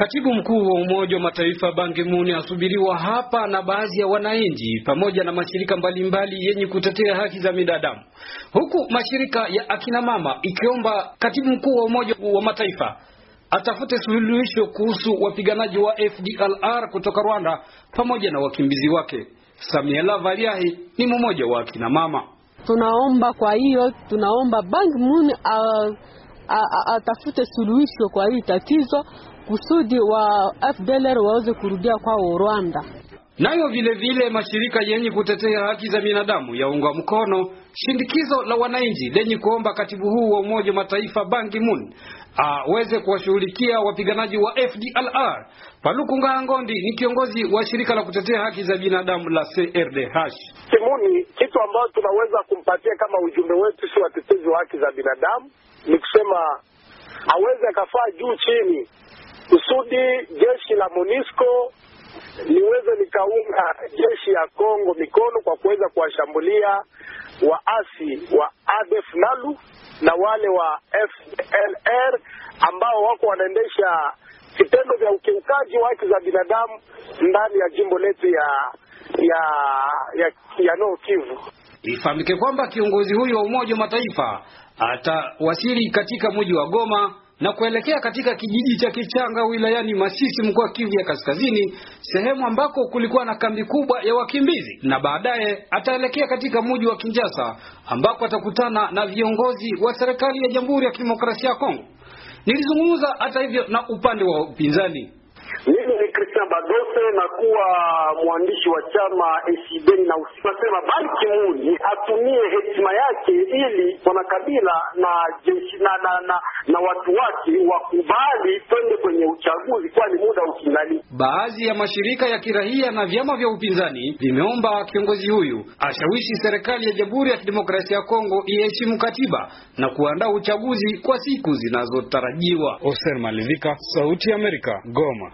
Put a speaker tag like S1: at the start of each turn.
S1: Katibu mkuu wa Umoja wa Mataifa Ban Ki-moon asubiriwa hapa na baadhi ya wananchi pamoja na mashirika mbalimbali mbali yenye kutetea haki za binadamu, huku mashirika ya akina mama ikiomba katibu mkuu wa Umoja wa Mataifa atafute suluhisho kuhusu wapiganaji wa FDLR kutoka Rwanda pamoja na wakimbizi wake. Samiela Valiahi ni mmoja wa akina mama.
S2: Tunaomba kwa hiyo, tunaomba Ban Ki-moon uh, atafute suluhisho kwa hii tatizo kusudi wa FDLR waweze kurudia kwao Rwanda.
S1: Nayo vile vile mashirika yenye kutetea haki za binadamu yaunga mkono shindikizo la wananchi lenye kuomba katibu huu wa Umoja Mataifa Ban Ki-moon aweze kuwashughulikia wapiganaji wa FDLR. Paluku Ngangondi ni kiongozi wa shirika la kutetea haki za binadamu la
S3: CRDH. Kimuni, kitu ambayo tunaweza kumpatia kama ujumbe wetu si watetezi wa haki za binadamu ni kusema aweze akafaa juu chini kusudi jeshi la MONUSCO liweze likaunga jeshi ya Kongo mikono kwa kuweza kuwashambulia waasi wa ADF Nalu na wale wa FDLR ambao wako wanaendesha vitendo vya ukiukaji wa haki za binadamu ndani ya jimbo letu ya ya ya, ya Nord Kivu.
S1: Ifahamike kwamba kiongozi huyo wa Umoja wa Mataifa atawasili katika mji wa Goma na kuelekea katika kijiji cha Kichanga wilayani Masisi mkoa Kivu ya Kaskazini, sehemu ambako kulikuwa na kambi kubwa ya wakimbizi, na baadaye ataelekea katika mji wa Kinshasa ambako atakutana na viongozi wa serikali ya Jamhuri ya Kidemokrasia ya Kongo. Nilizungumza hata hivyo na upande wa upinzani mimi ni Christian Badose na kuwa mwandishi wa chama Esideni na usinasema Ban Ki-moon atumie
S3: hekima yake ili Kabila na jeshi na, na, na, na watu wake wakubali twende kwenye uchaguzi, kwani muda ukingali.
S1: Baadhi ya mashirika ya kiraia na vyama vya upinzani vimeomba kiongozi huyu ashawishi serikali ya Jamhuri ya Kidemokrasia ya Kongo iheshimu katiba na kuandaa uchaguzi kwa siku zinazotarajiwa. Oser Malivika, Sauti ya Amerika, Goma.